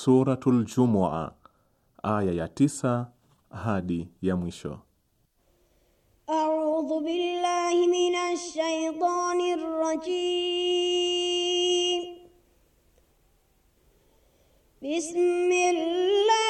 Suratul Jumua aya ya tisa hadi ya mwisho. A'udhu billahi minash shaitani rajim. Bismillah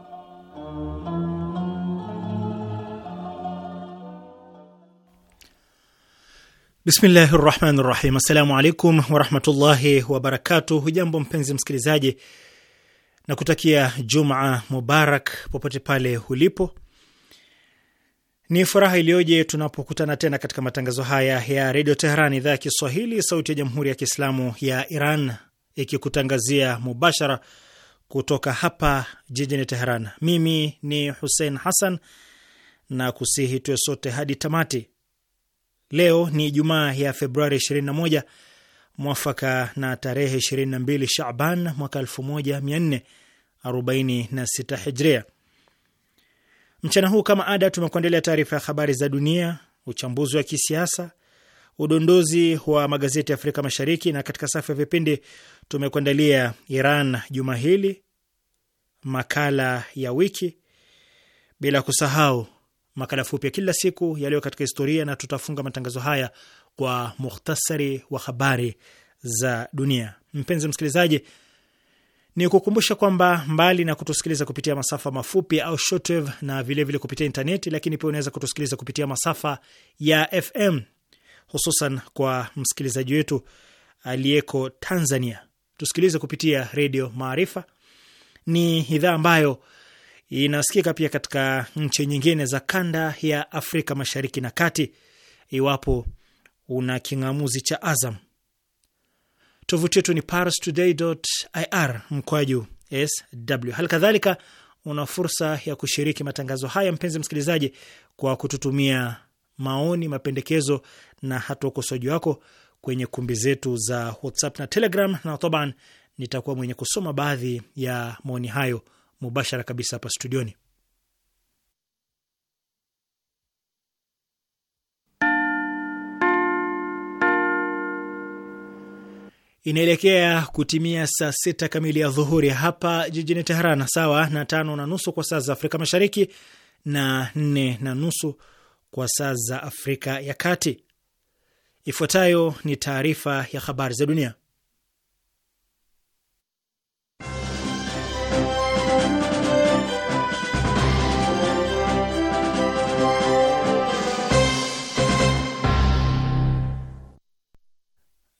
Bismillahi rahmani rahim. Assalamu alaikum warahmatullahi wabarakatuh. Hujambo mpenzi msikilizaji, na kutakia Juma Mubarak popote pale ulipo. Ni furaha iliyoje tunapokutana tena katika matangazo haya ya Redio Teheran, idhaa ya Kiswahili, sauti ya Jamhuri ya Kiislamu ya Iran, ikikutangazia mubashara kutoka hapa jijini Teheran. Mimi ni Husein Hasan na kusihi tuwe sote hadi tamati Leo ni Jumaa ya Februari 21 mwafaka na tarehe 22 Shaban mwaka 1446 Hijria. Mchana huu kama ada, tumekuandalia taarifa ya habari za dunia, uchambuzi wa kisiasa, udondozi wa magazeti ya Afrika Mashariki, na katika safu ya vipindi tumekuandalia Iran juma hili, makala ya wiki, bila kusahau makala fupi ya kila siku yaliyo katika historia, na tutafunga matangazo haya kwa muhtasari wa habari za dunia. Mpenzi msikilizaji, ni kukumbusha kwamba mbali na kutusikiliza kupitia masafa mafupi au shortwave na vilevile vile kupitia intaneti, lakini pia unaweza kutusikiliza kupitia masafa ya FM, hususan kwa msikilizaji wetu aliyeko Tanzania, tusikilize kupitia Redio Maarifa. Ni idhaa ambayo inasikika pia katika nchi nyingine za kanda ya Afrika Mashariki na Kati iwapo una king'amuzi cha Azam. Tovuti yetu ni parstoday.ir mkwaju sw. Hali kadhalika una fursa ya kushiriki matangazo haya, mpenzi msikilizaji, kwa kututumia maoni, mapendekezo na hata ukosoaji wako kwenye kumbi zetu za WhatsApp na Telegram, na toban nitakuwa mwenye kusoma baadhi ya maoni hayo mubashara kabisa hapa studioni. Inaelekea kutimia saa sita kamili ya dhuhuri hapa jijini Teheran, sawa na tano na nusu kwa saa za Afrika Mashariki na nne na nusu kwa saa za Afrika ya Kati. Ifuatayo ni taarifa ya habari za dunia,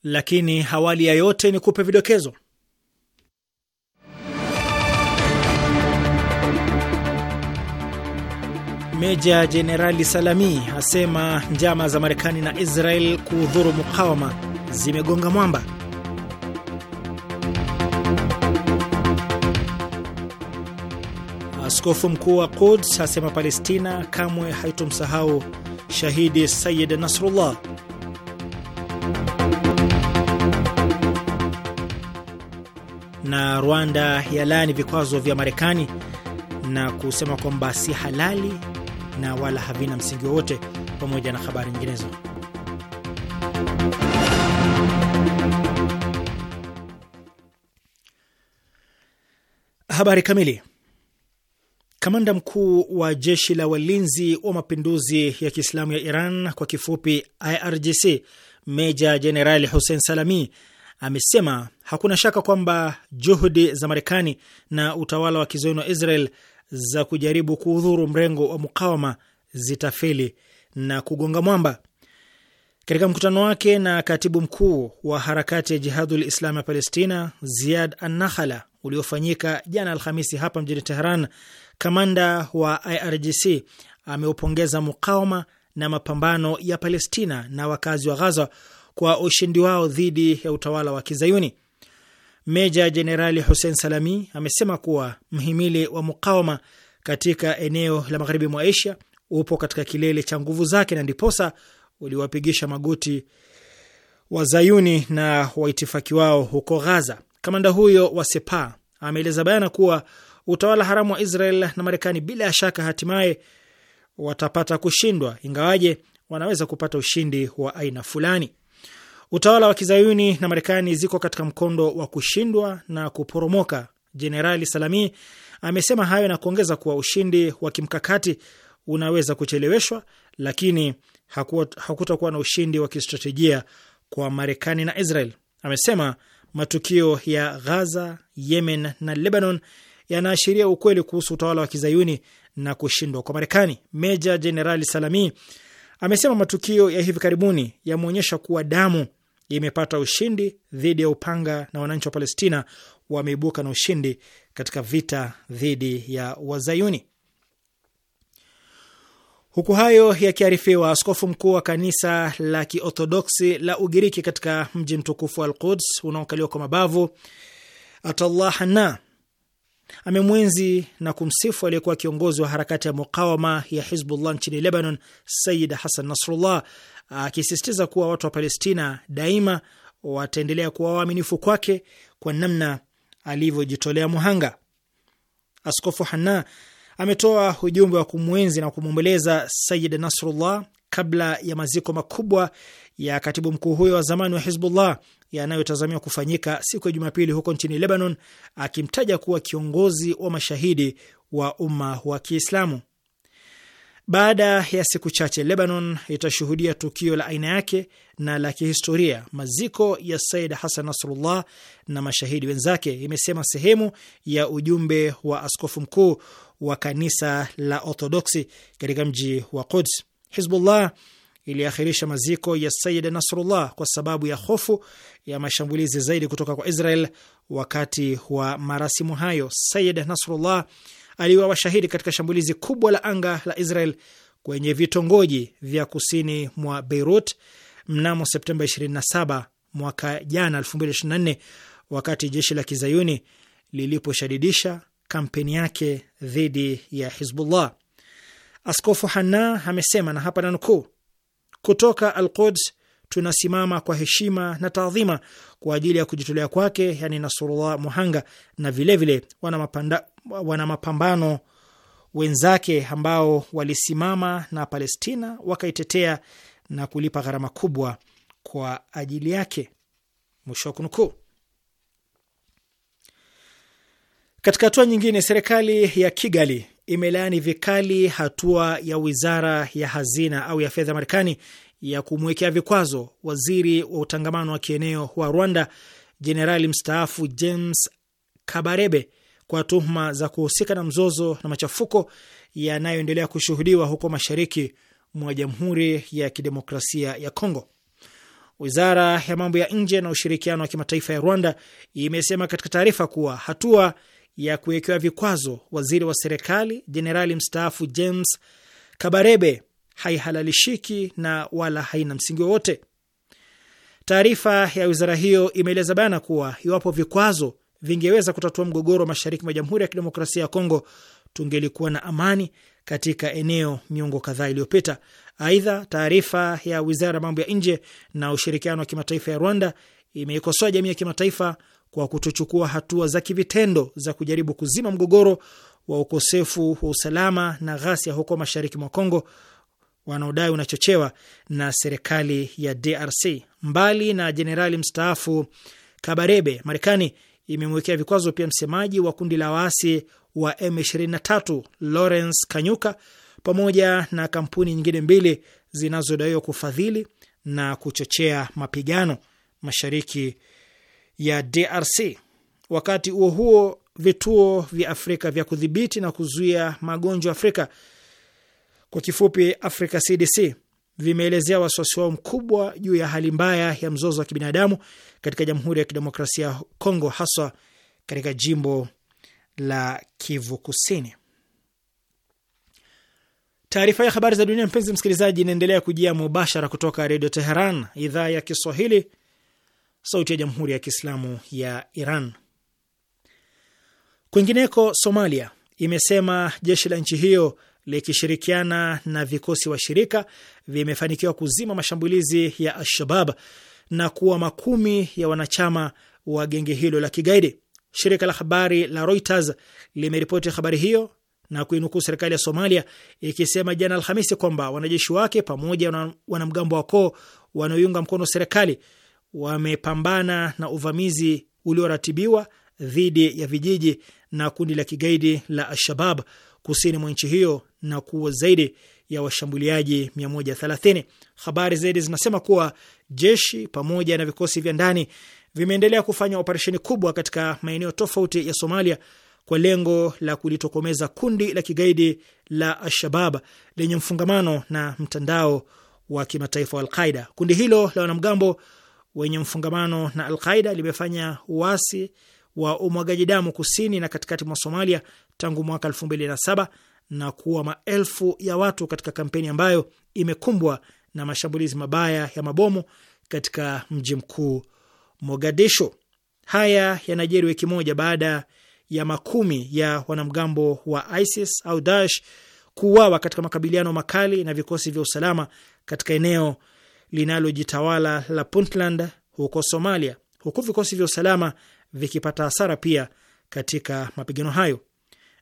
lakini hawali ya yote ni kupe vidokezo. Meja Jenerali Salami asema njama za Marekani na Israel kudhuru mukawama zimegonga mwamba. Askofu mkuu wa Quds asema Palestina kamwe haitomsahau shahidi sayid Nasrullah. na Rwanda yalaani vikwazo vya Marekani na kusema kwamba si halali na wala havina msingi wowote, pamoja na habari nyinginezo. Habari kamili. Kamanda mkuu wa jeshi la walinzi wa mapinduzi ya Kiislamu ya Iran, kwa kifupi IRGC, Meja Jenerali Hussein Salami amesema hakuna shaka kwamba juhudi za Marekani na utawala wa kizayuni wa Israel za kujaribu kuudhuru mrengo wa mukawama zitafeli na kugonga mwamba. Katika mkutano wake na katibu mkuu wa harakati ya Jihadul Islam ya Palestina Ziad anahala uliofanyika jana Alhamisi hapa mjini Teheran, kamanda wa IRGC ameupongeza mukawama na mapambano ya Palestina na wakazi wa Ghaza kwa ushindi wao dhidi ya utawala wa Kizayuni. Meja Jenerali Hussein Salami amesema kuwa mhimili wa mukawama katika eneo la magharibi mwa Asia upo katika kilele cha nguvu zake na ndiposa uliwapigisha magoti wazayuni na waitifaki wao huko Ghaza. Kamanda huyo wa Sepa ameeleza bayana kuwa utawala haramu wa Israel na Marekani bila shaka hatimaye watapata kushindwa, ingawaje wanaweza kupata ushindi wa aina fulani. Utawala wa kizayuni na Marekani ziko katika mkondo wa kushindwa na kuporomoka. Jenerali Salami amesema hayo na kuongeza kuwa ushindi wa kimkakati unaweza kucheleweshwa, lakini hakutakuwa na ushindi wa kistratejia kwa Marekani na Israel. Amesema matukio ya Ghaza, Yemen na Lebanon yanaashiria ukweli kuhusu utawala wa kizayuni na kushindwa kwa Marekani. Meja Jenerali Salami amesema matukio ya hivi karibuni yameonyesha kuwa damu imepata ushindi dhidi ya upanga na wananchi wa Palestina wameibuka na ushindi katika vita dhidi ya Wazayuni. Huku hayo yakiarifiwa, askofu mkuu wa kanisa la Kiorthodoksi la Ugiriki katika mji mtukufu wa Al-Quds unaokaliwa kwa mabavu Atallah Hanna amemwenzi na kumsifu aliyekuwa kiongozi wa harakati ya mukawama ya Hizbullah nchini Lebanon, Sayid Hasan Nasrullah akisisitiza kuwa watu wa Palestina daima wataendelea kuwa waaminifu kwake kwa namna alivyojitolea muhanga. Askofu Hanna ametoa ujumbe wa kumwenzi na kumwomboleza Sayid Nasrullah kabla ya maziko makubwa ya katibu mkuu huyo wa zamani wa Hizbullah yanayotazamiwa kufanyika siku ya Jumapili huko nchini Lebanon, akimtaja kuwa kiongozi wa mashahidi wa umma wa Kiislamu. Baada ya siku chache, Lebanon itashuhudia tukio la aina yake na la kihistoria, maziko ya Said Hasan Nasrullah na mashahidi wenzake, imesema sehemu ya ujumbe wa askofu mkuu wa kanisa la Orthodoksi katika mji wa Quds. Hizbullah iliakhirisha maziko ya Said Nasrullah kwa sababu ya hofu ya mashambulizi zaidi kutoka kwa Israel. Wakati wa marasimu hayo, Said Nasrullah aliuawa shahidi katika shambulizi kubwa la anga la Israel kwenye vitongoji vya kusini mwa Beirut mnamo Septemba 27 mwaka jana 2024, wakati jeshi la kizayuni liliposhadidisha kampeni yake dhidi ya Hizbullah. Askofu Hanna amesema, na hapa nanukuu, kutoka Al Quds tunasimama kwa heshima na taadhima kwa ajili ya kujitolea kwake, yani Nasrullah Muhanga, na vilevile wana mapambano wenzake ambao walisimama na Palestina wakaitetea na kulipa gharama kubwa kwa ajili yake. Mwisho wa kunukuu. Katika hatua nyingine, serikali ya Kigali imelaani vikali hatua ya wizara ya hazina au ya fedha Marekani ya kumwekea vikwazo waziri wa utangamano wa kieneo wa Rwanda jenerali mstaafu James Kabarebe kwa tuhuma za kuhusika na mzozo na machafuko yanayoendelea kushuhudiwa huko mashariki mwa Jamhuri ya Kidemokrasia ya Kongo. Wizara ya mambo ya nje na ushirikiano wa kimataifa ya Rwanda imesema katika taarifa kuwa hatua ya kuwekewa vikwazo waziri wa serikali jenerali mstaafu James Kabarebe haihalalishiki na wala haina msingi wowote. Taarifa ya wizara hiyo imeeleza bayana kuwa iwapo vikwazo vingeweza kutatua mgogoro wa mashariki mwa Jamhuri ya Kidemokrasia ya Kongo, tungelikuwa na amani katika eneo miongo kadhaa iliyopita. Aidha, taarifa ya wizara ya mambo ya nje na ushirikiano wa kimataifa ya Rwanda imeikosoa jamii ya kimataifa kwa kutochukua hatua za kivitendo za kujaribu kuzima mgogoro wa ukosefu wa usalama na ghasia huko mashariki mwa Kongo wanaodai unachochewa na serikali ya DRC. Mbali na jenerali mstaafu Kabarebe, Marekani imemwekea vikwazo pia msemaji wa kundi la waasi wa M23 Lawrence Kanyuka pamoja na kampuni nyingine mbili zinazodaiwa kufadhili na kuchochea mapigano mashariki ya DRC. Wakati huo huo, vituo vya Afrika vya kudhibiti na kuzuia magonjwa Afrika kwa kifupi Africa CDC, vimeelezea wasiwasi wao mkubwa juu ya hali mbaya ya mzozo wa kibinadamu katika Jamhuri ya Kidemokrasia ya Kongo, haswa katika jimbo la Kivu Kusini. Taarifa ya habari za dunia, mpenzi msikilizaji, inaendelea kujia mubashara kutoka Redio Teheran, idhaa ya Kiswahili, sauti ya Jamhuri ya Kiislamu ya Iran. Kwingineko, Somalia imesema jeshi la nchi hiyo likishirikiana na vikosi washirika vimefanikiwa kuzima mashambulizi ya Alshabab na kuwa makumi ya wanachama wa genge hilo la kigaidi. Shirika la habari la Reuters limeripoti habari hiyo na kuinukuu serikali ya Somalia ikisema jana Alhamisi kwamba wanajeshi wake pamoja na wanamgambo wakoo wanaoiunga mkono serikali wamepambana na uvamizi ulioratibiwa dhidi ya vijiji na kundi la kigaidi la Alshabab kusini mwa nchi hiyo na kuwa zaidi ya washambuliaji 130. Habari zaidi zinasema kuwa jeshi pamoja na vikosi vya ndani vimeendelea kufanya operesheni kubwa katika maeneo tofauti ya Somalia kwa lengo la kulitokomeza kundi la kigaidi la ashabab lenye mfungamano na mtandao wa kimataifa wa Alqaida. Kundi hilo la wanamgambo wenye mfungamano na Alqaida limefanya uasi wa umwagaji damu kusini na katikati mwa Somalia tangu mwaka na kuua maelfu ya watu katika kampeni ambayo imekumbwa na mashambulizi mabaya ya mabomu katika mji mkuu Mogadishu. Haya yanajiri wiki moja baada ya makumi ya wanamgambo wa ISIS au Daesh kuuawa katika makabiliano makali na vikosi vya usalama katika eneo linalojitawala la Puntland huko Somalia, huku vikosi vya usalama vikipata hasara pia katika mapigano hayo.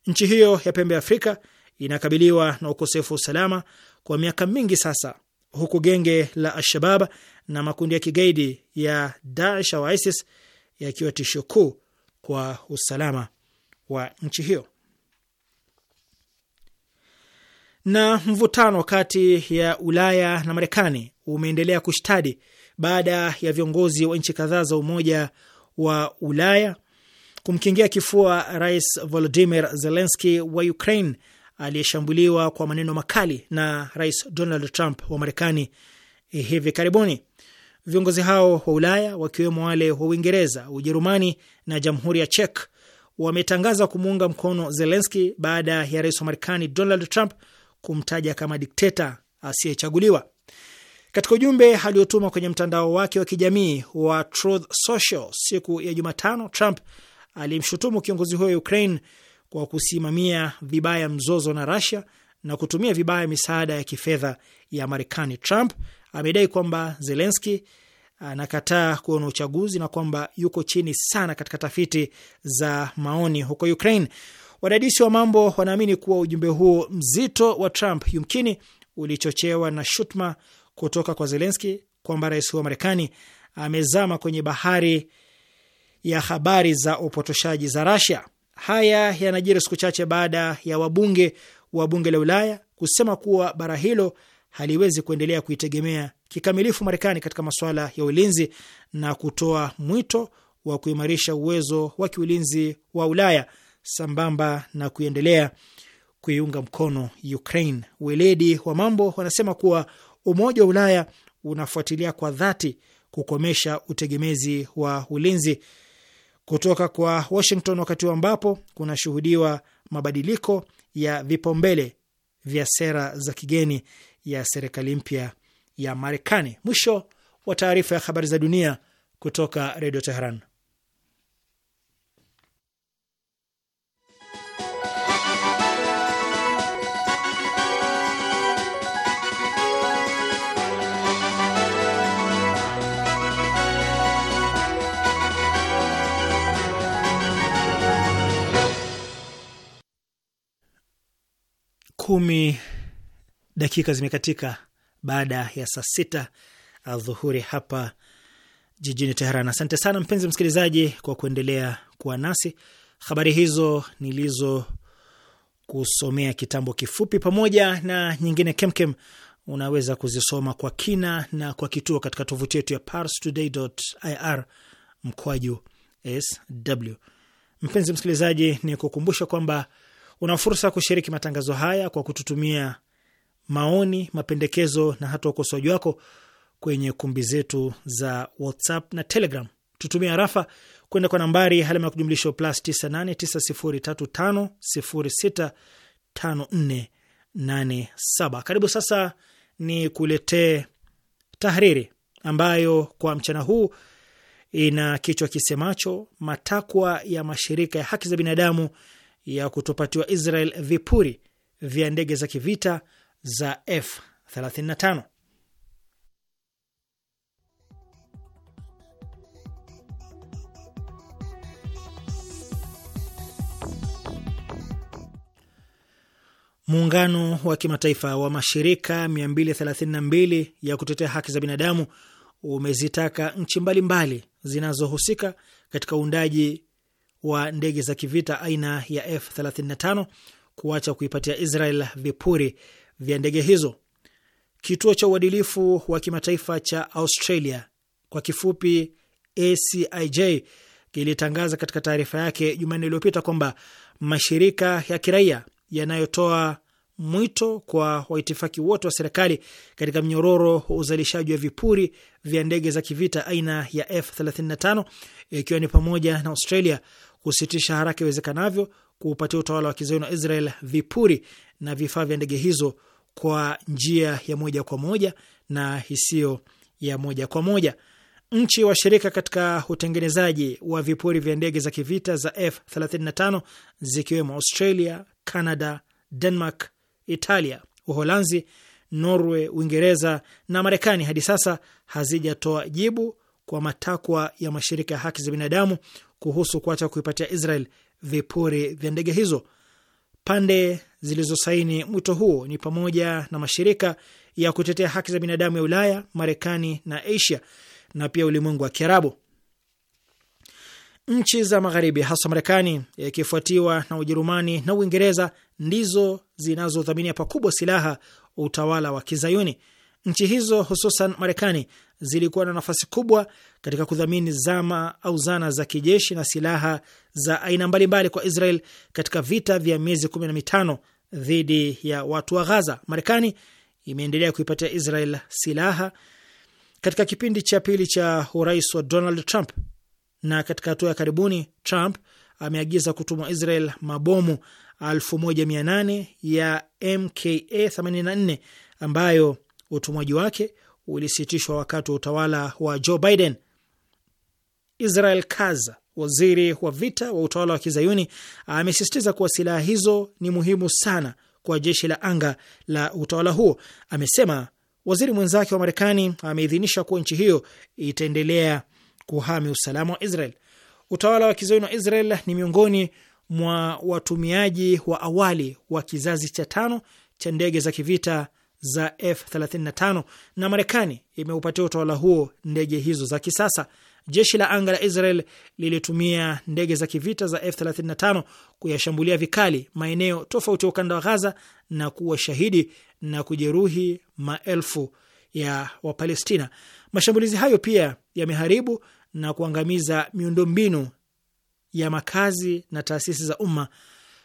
Nchi hiyo ya pembe ya Afrika inakabiliwa na ukosefu wa usalama kwa miaka mingi sasa, huku genge la Alshabab na makundi ya kigaidi ya Daesh au ISIS yakiwa tisho kuu kwa usalama wa nchi hiyo. Na mvutano kati ya Ulaya na Marekani umeendelea kushtadi baada ya viongozi wa nchi kadhaa za Umoja wa Ulaya kumkingia kifua Rais Volodimir Zelenski wa Ukraine aliyeshambuliwa kwa maneno makali na Rais Donald Trump wa Marekani eh, hivi karibuni. Viongozi hao wa Ulaya wakiwemo wale wa Uingereza, Ujerumani na Jamhuri ya Czech wametangaza kumuunga mkono Zelenski baada ya rais wa Marekani Donald Trump kumtaja kama dikteta asiyechaguliwa. Katika ujumbe aliotuma kwenye mtandao wake wa kijamii wa Truth Social siku ya Jumatano, Trump alimshutumu kiongozi huyo wa Ukraine kwa kusimamia vibaya mzozo na Russia na kutumia vibaya misaada ya kifedha ya Marekani. Trump amedai kwamba Zelensky anakataa kuona uchaguzi na kwamba yuko chini sana katika tafiti za maoni huko Ukraine. Wadadisi wa mambo wanaamini kuwa ujumbe huo mzito wa Trump yumkini ulichochewa na shutuma kutoka kwa Zelensky kwamba rais wa Marekani amezama kwenye bahari ya habari za upotoshaji za Russia. Haya yanajiri siku chache baada ya wabunge wa bunge la Ulaya kusema kuwa bara hilo haliwezi kuendelea kuitegemea kikamilifu Marekani katika masuala ya ulinzi na kutoa mwito wa kuimarisha uwezo wa kiulinzi wa Ulaya sambamba na kuendelea kuiunga mkono Ukraine. Weledi wa mambo wanasema kuwa Umoja wa Ulaya unafuatilia kwa dhati kukomesha utegemezi wa ulinzi kutoka kwa Washington wakati huu ambapo kunashuhudiwa mabadiliko ya vipaumbele vya sera za kigeni ya serikali mpya ya Marekani. Mwisho wa taarifa ya habari za dunia kutoka Redio Teheran. kumi dakika zimekatika baada ya saa sita adhuhuri hapa jijini Teheran. Asante sana mpenzi msikilizaji kwa kuendelea kuwa nasi. Habari hizo nilizo kusomea kitambo kifupi, pamoja na nyingine kemkem, unaweza kuzisoma kwa kina na kwa kituo katika tovuti yetu ya parstoday.ir mkwaju sw. Mpenzi msikilizaji, ni kukumbusha kwamba Una fursa ya kushiriki matangazo haya kwa kututumia maoni, mapendekezo na hata ukosoaji wako kwenye kumbi zetu za WhatsApp na Telegram. Tutumia rafa kwenda kwa nambari halama ya kujumlisha plus 989035065487. Karibu sasa ni kuletee tahariri ambayo kwa mchana huu ina kichwa kisemacho matakwa ya mashirika ya haki za binadamu ya kutopatiwa Israel vipuri vya ndege za kivita za F35. Muungano wa kimataifa wa mashirika 232 ya kutetea haki za binadamu umezitaka nchi mbalimbali zinazohusika katika uundaji wa ndege za kivita aina ya F35 kuacha kuipatia Israel vipuri vya ndege hizo. Kituo cha uadilifu wa kimataifa cha Australia kwa kifupi ACIJ kilitangaza katika taarifa yake Jumanne iliyopita kwamba mashirika ya kiraia yanayotoa mwito kwa waitifaki wote wa serikali katika mnyororo wa uzalishaji wa vipuri vya ndege za kivita aina ya F35 ikiwa ni pamoja na Australia kusitisha haraka iwezekanavyo kuupatia utawala wa kizayuni wa Israel vipuri na vifaa vya ndege hizo kwa njia ya moja kwa moja na isiyo ya moja kwa moja. Nchi washirika katika utengenezaji wa vipuri vya ndege za kivita za F35 zikiwemo Australia, Canada, Denmark, Italia, Uholanzi, Norway, Uingereza na Marekani hadi sasa hazijatoa jibu kwa matakwa ya mashirika ya haki za binadamu kuhusu kuacha kuipatia Israel vipuri vya ndege hizo. Pande zilizosaini mwito huo ni pamoja na mashirika ya kutetea haki za binadamu ya Ulaya, Marekani na Asia na pia ulimwengu wa Kiarabu. Nchi za Magharibi, hasa Marekani yakifuatiwa na Ujerumani na Uingereza, ndizo zinazodhaminia pakubwa silaha utawala wa Kizayuni. Nchi hizo hususan Marekani zilikuwa na nafasi kubwa katika kudhamini zama au zana za kijeshi na silaha za aina mbalimbali kwa Israel katika vita vya miezi mitano dhidi ya watu wa Ghaza. Marekani imeendelea kuipatia Israel silaha katika kipindi cha pili cha urais wa Donald Trump, na katika hatua ya karibuni Trump ameagiza kutumwa Israel mabomu 1800 ya MKA 84 ambayo utumwaji wake ulisitishwa wakati wa utawala wa Joe Biden. Israel kaza waziri wa vita wa utawala wa Kizayuni, amesisitiza kuwa silaha hizo ni muhimu sana kwa jeshi la anga la utawala huo. Amesema waziri mwenzake wa Marekani ameidhinisha kuwa nchi hiyo itaendelea kuhami usalama wa Israel. Utawala wa Kizayuni wa Israel ni miongoni mwa watumiaji wa awali wa kizazi cha tano cha ndege za kivita za F35 na Marekani imeupatia utawala huo ndege hizo za kisasa. Jeshi la anga la Israel lilitumia ndege za kivita za F35 kuyashambulia vikali maeneo tofauti ya ukanda wa Ghaza na kuwa shahidi na kujeruhi maelfu ya Wapalestina. Mashambulizi hayo pia yameharibu na kuangamiza miundombinu ya makazi na taasisi za umma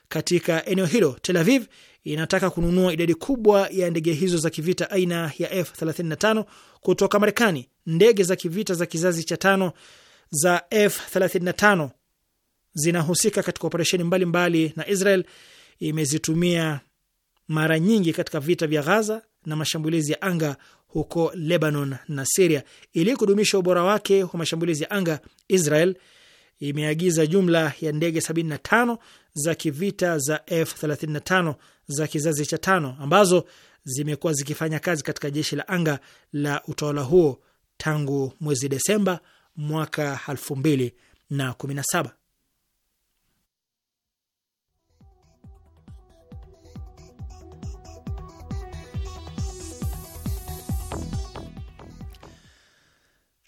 katika eneo hilo. Tel Aviv inataka kununua idadi kubwa ya ndege hizo za kivita aina ya F35 kutoka Marekani. Ndege za kivita za kizazi cha tano za F35 zinahusika katika operesheni mbalimbali, na Israel imezitumia mara nyingi katika vita vya Ghaza na mashambulizi ya anga huko Lebanon na Siria. Ili kudumisha ubora wake wa mashambulizi ya anga, Israel imeagiza jumla ya ndege 75 za kivita za F35 za kizazi cha tano ambazo zimekuwa zikifanya kazi katika jeshi la anga la utawala huo tangu mwezi Desemba mwaka elfu mbili na kumi na saba.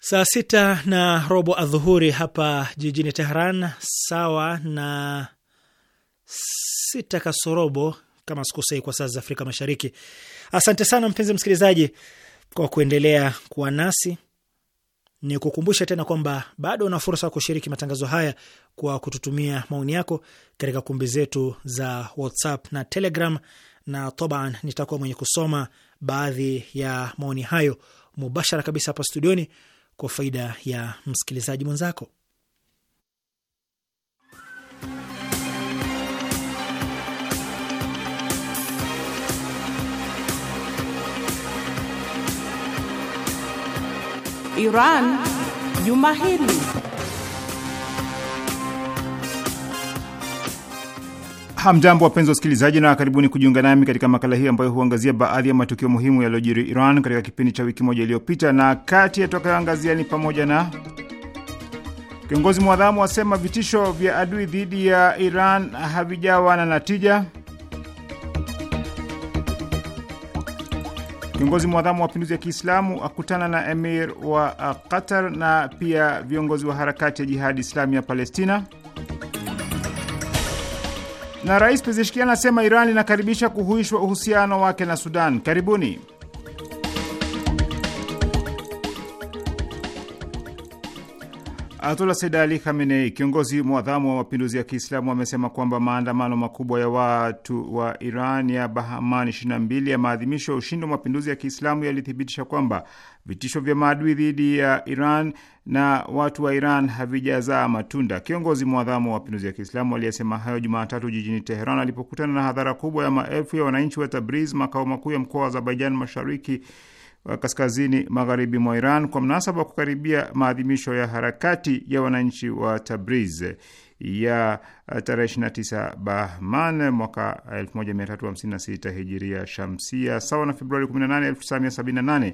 Saa sita na robo adhuhuri hapa jijini teheran sawa na sita kasorobo kama sikosei, kwa saa za Afrika Mashariki. Asante sana mpenzi msikilizaji kwa kuendelea kuwa nasi. Ni kukumbusha tena kwamba bado una fursa ya kushiriki matangazo haya kwa kututumia maoni yako katika kumbi zetu za WhatsApp na Telegram, na taban nitakuwa mwenye kusoma baadhi ya maoni hayo mubashara kabisa hapa studioni kwa faida ya msikilizaji mwenzako. Iran juma hili. Hamjambo, wapenzi wasikilizaji, na karibuni kujiunga nami katika makala hii ambayo huangazia baadhi ya matukio muhimu yaliyojiri Iran katika kipindi cha wiki moja iliyopita, na kati yatakayoangazia ni pamoja na kiongozi mwadhamu asema vitisho vya adui dhidi ya Iran havijawa na natija Kiongozi mwadhamu wa mapinduzi ya Kiislamu akutana na emir wa uh, Qatar na pia viongozi wa harakati ya Jihadi Islami ya Palestina. Na Rais Pezeshkian anasema Iran inakaribisha kuhuishwa uhusiano wake na Sudan. Karibuni. Ayatollah Said Ali Khamenei, kiongozi mwadhamu wa mapinduzi ya Kiislamu, amesema kwamba maandamano makubwa ya watu wa Iran ya bahaman 22 ya maadhimisho ya ushindi wa mapinduzi ya Kiislamu yalithibitisha kwamba vitisho vya maadui dhidi ya Iran na watu wa Iran havijazaa matunda. Kiongozi mwadhamu wa mapinduzi ya Kiislamu aliyesema hayo Jumatatu jijini Teheran alipokutana na hadhara kubwa ya maelfu ya wananchi wa Tabriz, makao makuu ya mkoa wa Azerbaijan Mashariki kaskazini magharibi mwa Iran kwa mnasaba wa kukaribia maadhimisho ya harakati ya wananchi wa Tabriz ya uh, tarehe 29 Bahman mwaka 1356 hijiria shamsia sawa na Februari 18, 1978.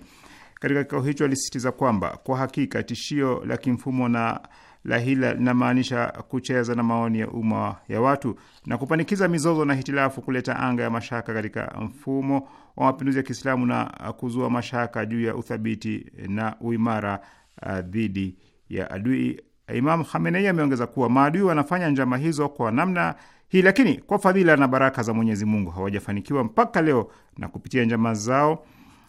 Katika kikao hicho alisisitiza kwamba kwa hakika tishio la kimfumo na la hila linamaanisha kucheza na maoni ya umma ya watu na kupanikiza mizozo na hitilafu, kuleta anga ya mashaka katika mfumo wa mapinduzi ya Kiislamu na kuzua mashaka juu ya uthabiti na uimara uh, dhidi ya adui. Imam Khamenei ameongeza kuwa maadui wanafanya njama hizo kwa namna hii, lakini kwa fadhila na baraka za Mwenyezi Mungu hawajafanikiwa mpaka leo, na kupitia njama zao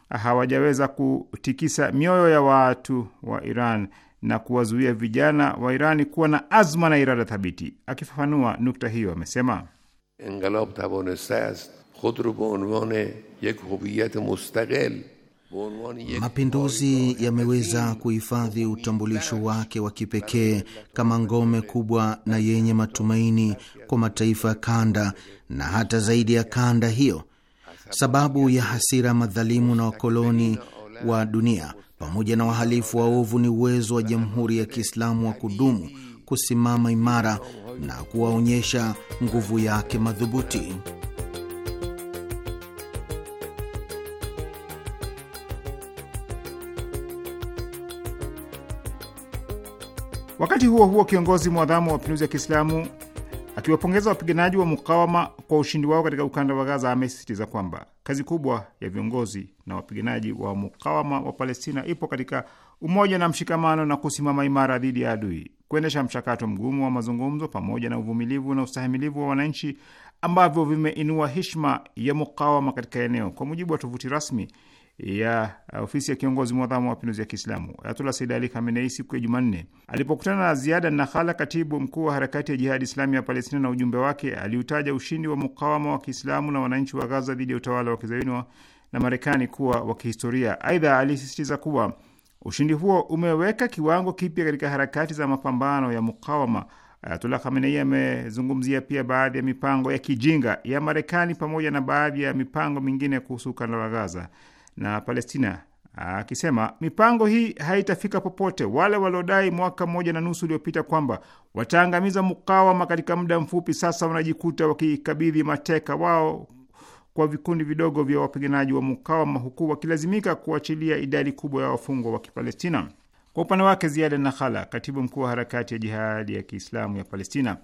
hawajaweza kutikisa mioyo ya watu wa Iran na kuwazuia vijana wa Irani kuwa na azma na irada thabiti. Akifafanua nukta hiyo, amesema ast khud ro be yek huviyat mustaqil Mapinduzi yameweza kuhifadhi utambulisho wake wa kipekee kama ngome kubwa na yenye matumaini kwa mataifa ya kanda na hata zaidi ya kanda hiyo. Sababu ya hasira madhalimu na wakoloni wa dunia pamoja na wahalifu waovu ni uwezo wa Jamhuri ya Kiislamu wa kudumu kusimama imara na kuwaonyesha nguvu yake madhubuti. Wakati huo huo, kiongozi mwadhamu wa mapinduzi ya Kiislamu Akiwapongeza wapiganaji wa mukawama kwa ushindi wao katika ukanda wa Gaza, amesisitiza kwamba kazi kubwa ya viongozi na wapiganaji wa mukawama wa Palestina ipo katika umoja na mshikamano na kusimama imara dhidi ya adui, kuendesha mchakato mgumu wa mazungumzo pamoja na uvumilivu na ustahimilivu wa wananchi ambavyo vimeinua heshima ya mukawama katika eneo. Kwa mujibu wa tovuti rasmi ya ofisi ya kiongozi mwadhamu wa mapinduzi ya Kiislamu Ayatullah Said Ali Khamenei siku ya Jumanne alipokutana na Ziada Nakhala, katibu mkuu wa harakati ya Jihadi Islami ya Palestina, na ujumbe wake, aliutaja ushindi wa mukawama wa Kiislamu na wananchi wa Gaza dhidi ya utawala wa kizayuni na Marekani kuwa wa kihistoria. Aidha, alisisitiza kuwa ushindi huo umeweka kiwango kipya katika harakati za mapambano ya mukawama. Ayatullah Khamenei amezungumzia pia baadhi ya mipango ya kijinga ya Marekani pamoja na baadhi ya mipango mingine kuhusu ukanda wa Gaza na Palestina akisema mipango hii haitafika popote. Wale waliodai mwaka mmoja na nusu uliopita kwamba wataangamiza mukawama katika muda mfupi, sasa wanajikuta wakikabidhi mateka wao kwa vikundi vidogo vya wapiganaji wa mukawama, huku wakilazimika kuachilia idadi kubwa ya wafungwa wa Kipalestina. Kwa upande wake, Ziada Nakhala, katibu mkuu wa harakati ya Jihadi ya Kiislamu ya Palestina,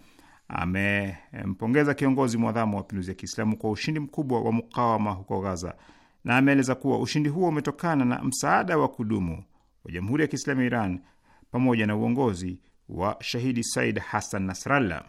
amempongeza kiongozi mwadhamu wa mapinduzi ya Kiislamu kwa ushindi mkubwa wa mukawama huko Gaza na ameeleza kuwa ushindi huo umetokana na msaada wa kudumu wa Jamhuri ya Kiislamu ya Iran pamoja na uongozi wa shahidi Said Hassan Nasrallah.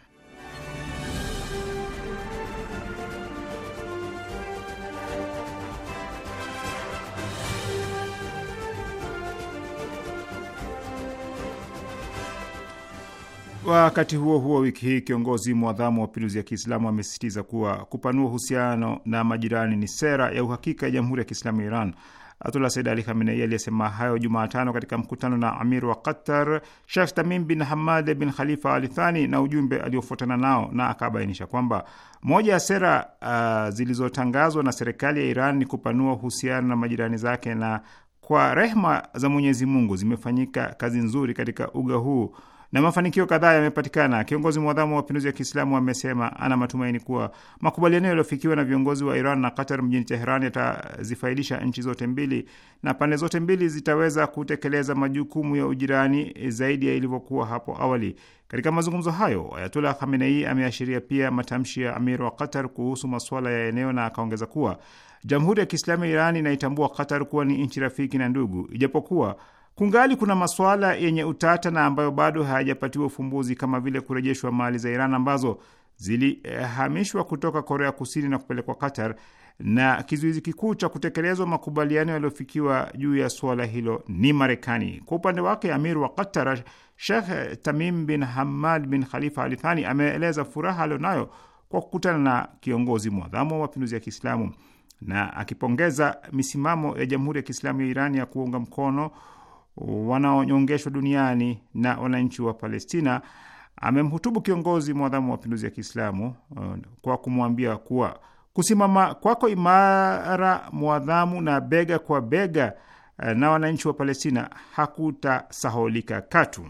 Wakati huo huo, wiki hii kiongozi mwadhamu wa mapinduzi ya Kiislamu amesisitiza kuwa kupanua uhusiano na majirani ni sera ya uhakika ya Jamhuri ya Kiislamu ya Iran. Ayatullah Sayyid Ali Khamenei aliyesema hayo Jumatano katika mkutano na amir wa Qatar Sheikh Tamim bin Hamad bin Khalifa Al Thani na ujumbe aliofuatana nao, na akabainisha kwamba moja ya sera uh, zilizotangazwa na serikali ya Iran ni kupanua uhusiano na majirani zake, na kwa rehma za Mwenyezi Mungu zimefanyika kazi nzuri katika uga huu na mafanikio kadhaa yamepatikana. Kiongozi mwadhamu wa mapinduzi ya Kiislamu amesema ana matumaini kuwa makubaliano yaliyofikiwa na viongozi wa Iran na Qatar mjini Teheran yatazifaidisha nchi zote mbili na pande zote mbili zitaweza kutekeleza majukumu ya ujirani zaidi ya ilivyokuwa hapo awali. Katika mazungumzo hayo, Ayatullah Khamenei ameashiria pia matamshi ya amir wa Qatar kuhusu masuala ya eneo na akaongeza kuwa Jamhuri ya Kiislamu ya Iran inaitambua Qatar kuwa ni nchi rafiki na ndugu, ijapokuwa Kungali kuna masuala yenye utata na ambayo bado hayajapatiwa ufumbuzi kama vile kurejeshwa mali za Iran ambazo zilihamishwa kutoka Korea Kusini na kupelekwa Qatar, na kizuizi kikuu cha kutekelezwa makubaliano yaliyofikiwa juu ya suala hilo ni Marekani. Kwa upande wake, amir wa Qatar Sheikh Tamim bin Hamad bin Khalifa Al Thani ameeleza furaha alionayo kwa kukutana na kiongozi mwadhamu wa mapinduzi ya Kiislamu na akipongeza misimamo ya Jamhuri ya Kiislamu ya Iran ya kuunga mkono wanaonyongeshwa duniani na wananchi wa Palestina, amemhutubu kiongozi mwadhamu wa mapinduzi ya Kiislamu uh, kwa kumwambia kuwa kusimama kwako imara mwadhamu na bega kwa bega uh, na wananchi wa Palestina hakutasahulika katu.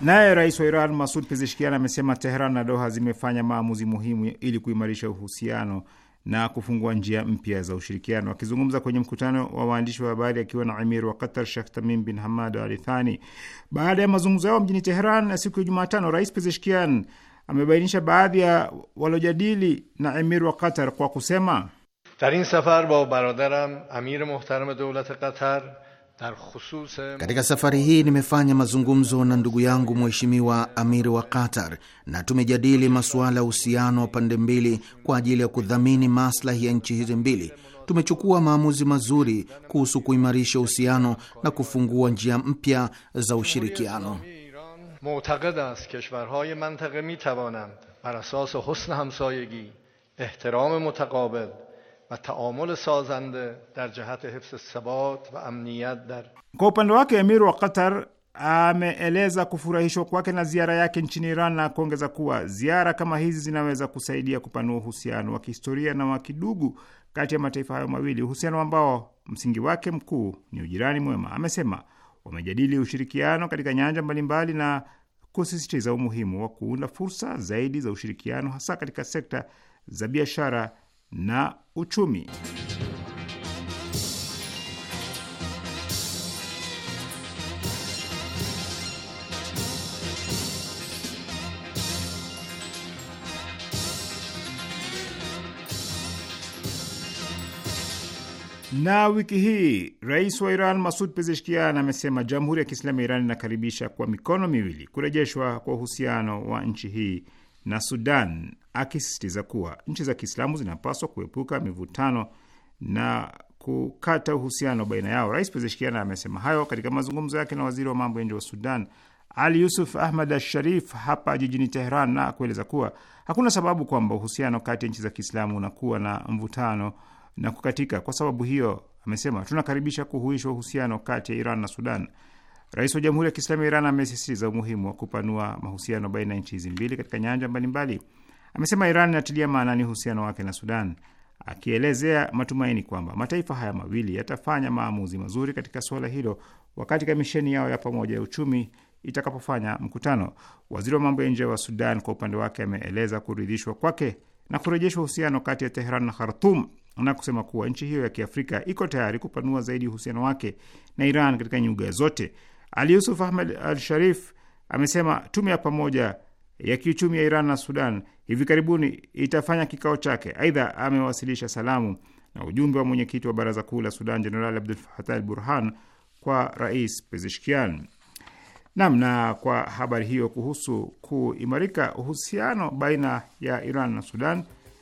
Naye rais wa Iran Masud Pezeshkian amesema Teheran na Doha zimefanya maamuzi muhimu ili kuimarisha uhusiano na kufungua njia mpya za ushirikiano. Akizungumza kwenye mkutano wa waandishi wa habari akiwa na Amir wa Qatar shekh Tamim bin Hamad Al Thani baada ya mazungumzo yao mjini Teheran na siku ya Jumatano, rais Pezeshkian amebainisha baadhi ya waliojadili na Amir wa Qatar kwa kusema: dar in safar ba baradaram amir muhtaram doulat qatar Eh, Katika safari hii nimefanya mazungumzo na ndugu yangu mheshimiwa amiri wa Qatar na tumejadili masuala ya uhusiano wa pande mbili kwa ajili ya kudhamini maslahi ya nchi hizi mbili. Tumechukua maamuzi mazuri kuhusu kuimarisha uhusiano na kufungua njia mpya za ushirikiano. mutaqid bar و تعامل سازنده در جهت حفظ ثبات و امنیت در Kwa upande wake Emir wa Qatar ameeleza kufurahishwa kwake na ziara yake nchini Iran na kuongeza kuwa ziara kama hizi zinaweza kusaidia kupanua uhusiano wa kihistoria na wa kidugu kati ya mataifa hayo mawili, uhusiano ambao msingi wake mkuu ni ujirani mwema. Amesema wamejadili ushirikiano katika nyanja mbalimbali na kusisitiza umuhimu wa kuunda fursa zaidi za ushirikiano, hasa katika sekta za biashara na uchumi. Na wiki hii rais wa Iran Masud Pezeshkian amesema jamhuri ya Kiislamu ya Iran inakaribisha kwa mikono miwili kurejeshwa kwa uhusiano wa nchi hii na Sudan akisisitiza kuwa nchi za Kiislamu zinapaswa kuepuka mivutano na kukata uhusiano baina yao. Rais Pezeshkian amesema hayo katika mazungumzo yake na waziri wa mambo ya nje wa Sudan Ali Yusuf Ahmad Asharif hapa jijini Teheran, na kueleza kuwa hakuna sababu kwamba uhusiano kati ya nchi za Kiislamu unakuwa na mvutano na kukatika. Kwa sababu hiyo, amesema tunakaribisha kuhuishwa uhusiano kati ya Iran na Sudan. Rais wa Jamhuri ya Kiislamu ya Iran amesisitiza umuhimu wa kupanua mahusiano baina ya nchi hizi mbili katika nyanja mbalimbali mbali. Amesema Iran inatilia maanani uhusiano wake na Sudan, akielezea matumaini kwamba mataifa haya mawili yatafanya maamuzi mazuri katika suala hilo wakati kamisheni yao ya pamoja ya uchumi itakapofanya mkutano. Waziri wa mambo ya nje wa Sudan kwa upande wake ameeleza kuridhishwa kwake na kurejeshwa uhusiano kati ya Teheran na Khartum na kusema kuwa nchi hiyo ya Kiafrika iko tayari kupanua zaidi uhusiano wake na Iran katika nyuga zote. Ali Yusuf Ahmed Al Sharif amesema tume ya pamoja ya kiuchumi ya Iran na Sudan hivi karibuni itafanya kikao chake. Aidha, amewasilisha salamu na ujumbe wa mwenyekiti wa baraza kuu la Sudan, Jenerali Abdul Fatah Al Burhan kwa Rais pezishkian Nam, na kwa habari hiyo kuhusu kuimarika uhusiano baina ya Iran na Sudan,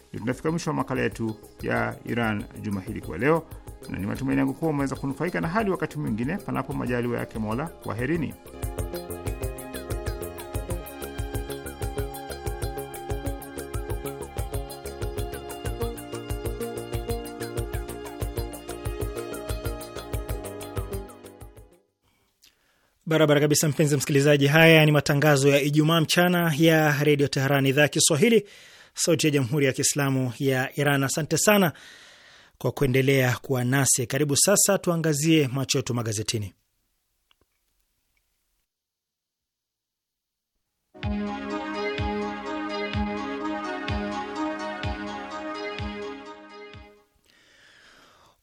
ndio tunafika mwisho wa makala yetu ya Iran juma hili kwa leo, na ni matumaini yangu kuwa umeweza kunufaika na hali. Wakati mwingine, panapo majaliwa yake Mola, kwaherini. Barabara kabisa, mpenzi msikilizaji. Haya ni matangazo ya Ijumaa mchana ya Redio Teheran, idhaa ya Kiswahili, sauti ya Jamhuri ya Kiislamu ya Iran. Asante sana kwa kuendelea kuwa nasi. Karibu sasa tuangazie macho yetu magazetini.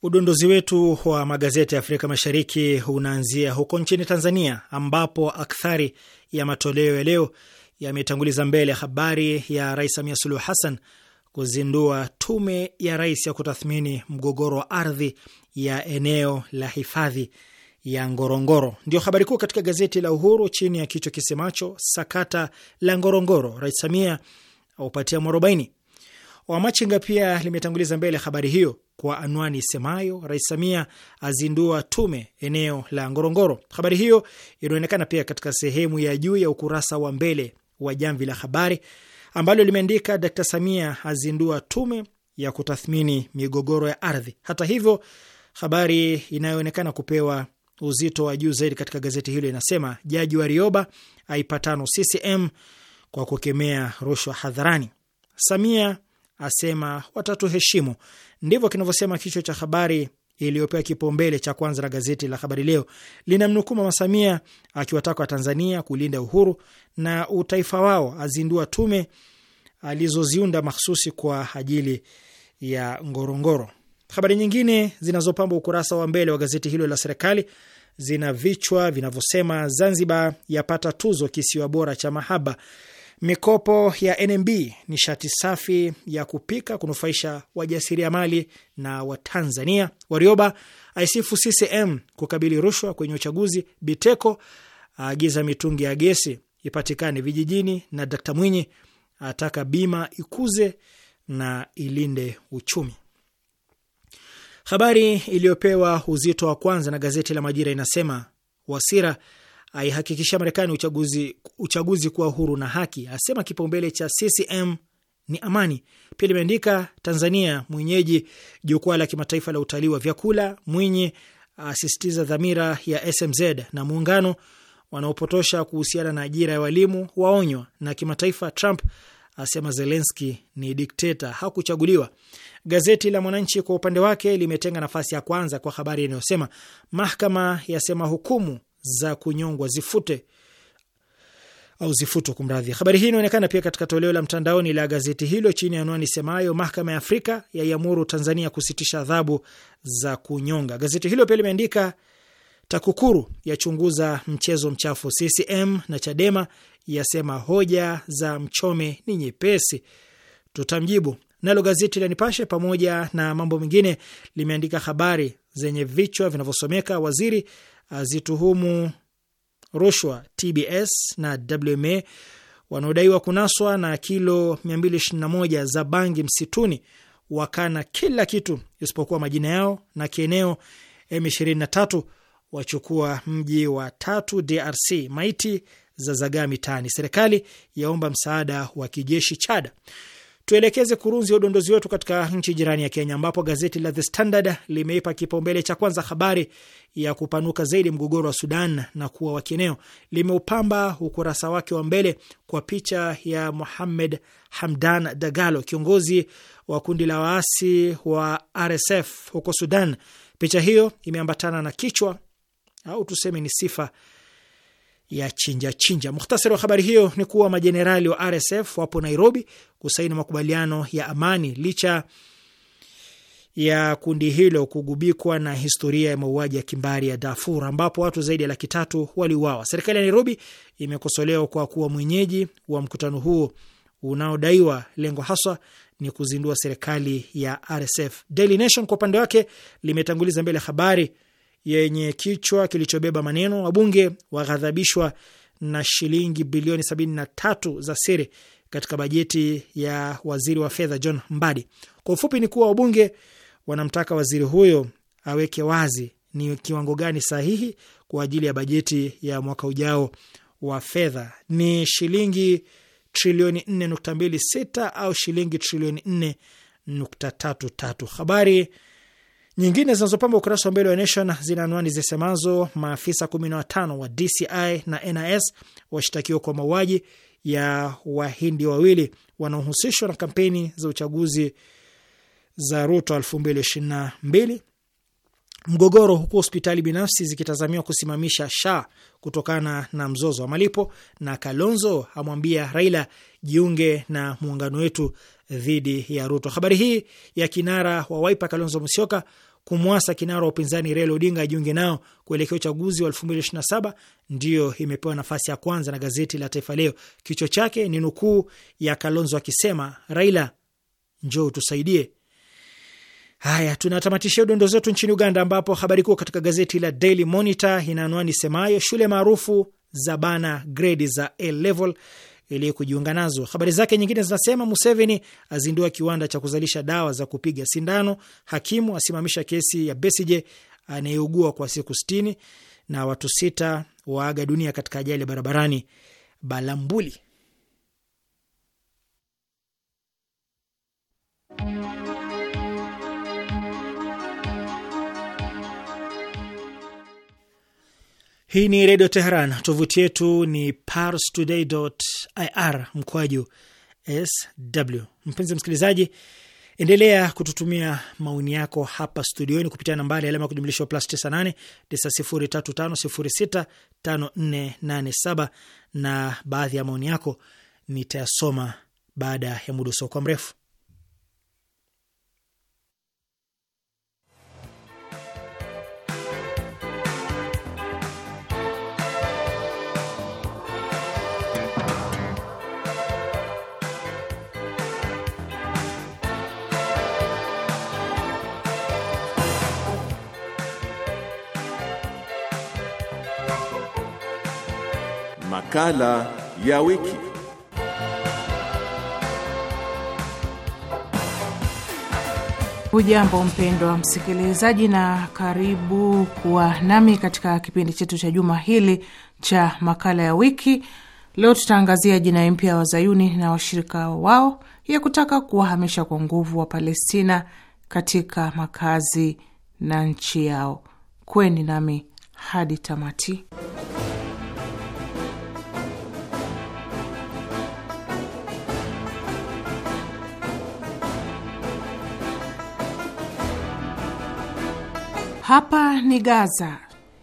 Udondozi wetu wa magazeti ya Afrika Mashariki unaanzia huko nchini Tanzania, ambapo akthari ya matoleo ya leo yametanguliza mbele habari ya Rais Samia Suluhu Hassan kuzindua tume ya rais ya kutathmini mgogoro wa ardhi ya eneo la hifadhi ya Ngorongoro. Ndio habari kuu katika gazeti la Uhuru chini ya kichwa kisemacho sakata la Ngorongoro, Rais Samia aupatia mwarobaini. Wamachinga pia limetanguliza mbele habari hiyo kwa anwani isemayo Rais Samia azindua tume eneo la Ngorongoro. Habari hiyo inaonekana pia katika sehemu ya juu ya ukurasa wa mbele wa Jamvi la Habari ambalo limeandika d Samia azindua tume ya kutathmini migogoro ya ardhi. Hata hivyo, habari inayoonekana kupewa uzito wa juu zaidi katika gazeti hilo inasema Jaji Warioba aipatano CCM kwa kukemea rushwa hadharani. Samia asema watatu heshimu. Ndivyo kinavyosema kichwa cha habari iliyopewa kipaumbele cha kwanza la gazeti la Habari Leo. Linamnukuu Mama Samia akiwataka Watanzania kulinda uhuru na utaifa wao, azindua tume alizoziunda mahsusi kwa ajili ya Ngorongoro. Habari nyingine zinazopamba ukurasa wa mbele wa gazeti hilo la serikali zina vichwa vinavyosema: Zanzibar yapata tuzo kisiwa bora cha mahaba Mikopo ya NMB ni shati safi ya kupika kunufaisha wajasiriamali na Watanzania. Warioba aisifu CCM kukabili rushwa kwenye uchaguzi. Biteko aagiza mitungi ya gesi ipatikane vijijini, na Dkt Mwinyi ataka bima ikuze na ilinde uchumi. Habari iliyopewa uzito wa kwanza na gazeti la Majira inasema Wasira aihakikishia Marekani uchaguzi, uchaguzi kuwa huru na haki, asema kipaumbele cha CCM ni amani. Pia limeandika Tanzania mwenyeji jukwaa la kimataifa la utalii wa vyakula, Mwinyi asisitiza dhamira ya SMZ na muungano, wanaopotosha kuhusiana na ajira ya walimu waonywa, na kimataifa Trump asema Zelenski ni dikteta, hakuchaguliwa. Gazeti la Mwananchi kwa upande wake limetenga nafasi ya kwanza kwa habari inayosema mahakama yasema hukumu za kunyongwa zifute au zifutwe kumradhi. Habari hii inaonekana pia katika toleo la mtandaoni la gazeti hilo chini ya anwani semayo mahakama ya Afrika yaiamuru Tanzania kusitisha adhabu za kunyonga. Gazeti hilo pia limeandika TAKUKURU yachunguza mchezo mchafu CCM na Chadema yasema hoja za Mchome ni nyepesi, tutamjibu. Nalo gazeti la Nipashe pamoja na mambo mengine limeandika habari zenye vichwa vinavyosomeka waziri azituhumu ah, rushwa TBS na WMA wanaodaiwa kunaswa na kilo 221 za bangi msituni wakana kila kitu isipokuwa majina yao, na kieneo M23 wachukua mji wa tatu DRC, maiti za zagaa mitaani, serikali yaomba msaada wa kijeshi Chada. Tuelekeze kurunzi ya udondozi wetu katika nchi jirani ya Kenya, ambapo gazeti la The Standard limeipa kipaumbele cha kwanza habari ya kupanuka zaidi mgogoro wa Sudan na kuwa wa kieneo. Limeupamba ukurasa wake wa mbele kwa picha ya muhamed Hamdan Dagalo, kiongozi wa kundi la waasi wa RSF huko Sudan. Picha hiyo imeambatana na kichwa au tuseme ni sifa ya chinja chinja. Muhtasari wa habari hiyo ni kuwa majenerali wa RSF wapo Nairobi kusaini makubaliano ya amani licha ya kundi hilo kugubikwa na historia ya mauaji ya kimbari ya Darfur ambapo watu zaidi ya laki tatu waliuawa. Serikali ya Nairobi imekosolewa kwa kuwa mwenyeji wa mkutano huo unaodaiwa lengo haswa ni kuzindua serikali ya RSF. Daily Nation kwa upande wake limetanguliza mbele habari yenye kichwa kilichobeba maneno wabunge waghadhabishwa na shilingi bilioni sabini na tatu za siri katika bajeti ya waziri wa fedha John Mbadi. Kwa ufupi ni kuwa wabunge wanamtaka waziri huyo aweke wazi ni kiwango gani sahihi kwa ajili ya bajeti ya mwaka ujao wa fedha, ni shilingi trilioni 4.26 au shilingi trilioni 4.33. Habari nyingine zinazopamba ukurasa wa mbele wa Nation zina anwani zisemazo maafisa 15 wa DCI na NIS washtakiwa kwa mauaji ya wahindi wawili wanaohusishwa na kampeni za uchaguzi za Ruto 2022. Mgogoro huku hospitali binafsi zikitazamiwa kusimamisha SHA kutokana na mzozo wa malipo, na Kalonzo amwambia Raila jiunge na muungano wetu dhidi ya Ruto. Habari hii ya kinara wa Waipa Kalonzo Musyoka kumwasa kinara wa upinzani Raila Odinga ajiunge nao kuelekea uchaguzi wa 2027 ndiyo imepewa nafasi ya kwanza na gazeti la Taifa Leo. Kichwa chake ni nukuu ya Kalonzo akisema, Raila njoo tusaidie. Haya, tunatamatishia dondoo zetu nchini Uganda, ambapo habari kuu katika gazeti la Daily Monitor ina anwani semayo, shule maarufu za bana gredi za A level ili kujiunga nazo. Habari zake nyingine zinasema Museveni azindua kiwanda cha kuzalisha dawa za kupiga sindano, hakimu asimamisha kesi ya Besije anayeugua kwa siku sitini, na watu sita waaga dunia katika ajali barabarani Balambuli. Hii ni Redio Teheran. Tovuti yetu ni parstoday.ir mkwaju sw. Mpenzi msikilizaji, endelea kututumia maoni yako hapa studioni kupitia nambari alama ya kujumlisha plus 98 saba na baadhi ya maoni yako nitayasoma baada ya muda kwa mrefu. Makala ya wiki. Hujambo mpendwa msikilizaji, na karibu kuwa nami katika kipindi chetu cha juma hili cha makala ya wiki. Leo tutaangazia jinai mpya wazayuni na washirika wao ya kutaka kuwahamisha kwa nguvu wa Palestina katika makazi na nchi yao. Kweni nami hadi tamati. Hapa ni Gaza,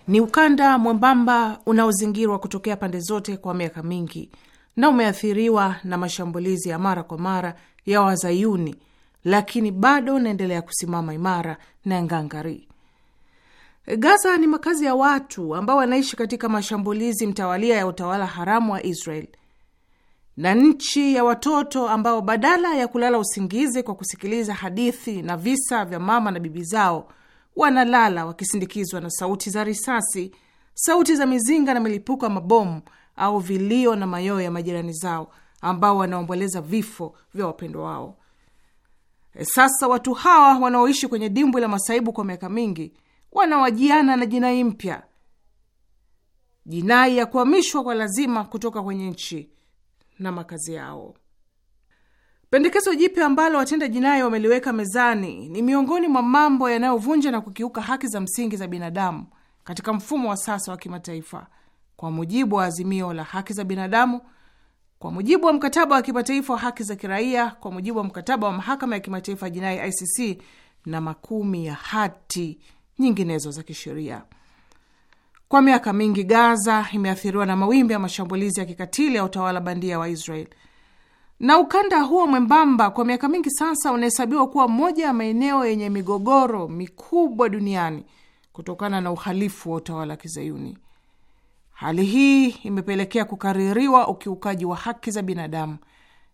ni ukanda mwembamba unaozingirwa kutokea pande zote kwa miaka mingi na umeathiriwa na mashambulizi ya mara kwa mara ya Wazayuni, lakini bado unaendelea kusimama imara na ngangari. Gaza ni makazi ya watu ambao wanaishi katika mashambulizi mtawalia ya utawala haramu wa Israel na nchi ya watoto ambao badala ya kulala usingizi kwa kusikiliza hadithi na visa vya mama na bibi zao wanalala wakisindikizwa na sauti za risasi, sauti za mizinga na milipuko ya mabomu au vilio na mayoyo ya majirani zao ambao wanaomboleza vifo vya wapendwa wao. E, sasa watu hawa wanaoishi kwenye dimbwi la masaibu kwa miaka mingi wanawajiana na jinai mpya, jinai ya kuhamishwa kwa lazima kutoka kwenye nchi na makazi yao. Pendekezo jipya ambalo watenda jinai wameliweka mezani ni miongoni mwa mambo yanayovunja na kukiuka haki za msingi za binadamu katika mfumo wa sasa wa kimataifa, kwa mujibu wa azimio la haki za binadamu, kwa mujibu wa mkataba wa kimataifa wa haki za kiraia, kwa mujibu wa mkataba wa mahakama ya kimataifa ya jinai ICC na makumi ya hati nyinginezo za kisheria. Kwa miaka mingi Gaza imeathiriwa na mawimbi ya mashambulizi ya kikatili ya utawala bandia wa Israel na ukanda huo mwembamba kwa miaka mingi sasa unahesabiwa kuwa moja ya maeneo yenye migogoro mikubwa duniani kutokana na uhalifu wa utawala wa Kizayuni. Hali hii imepelekea kukaririwa ukiukaji wa haki za binadamu,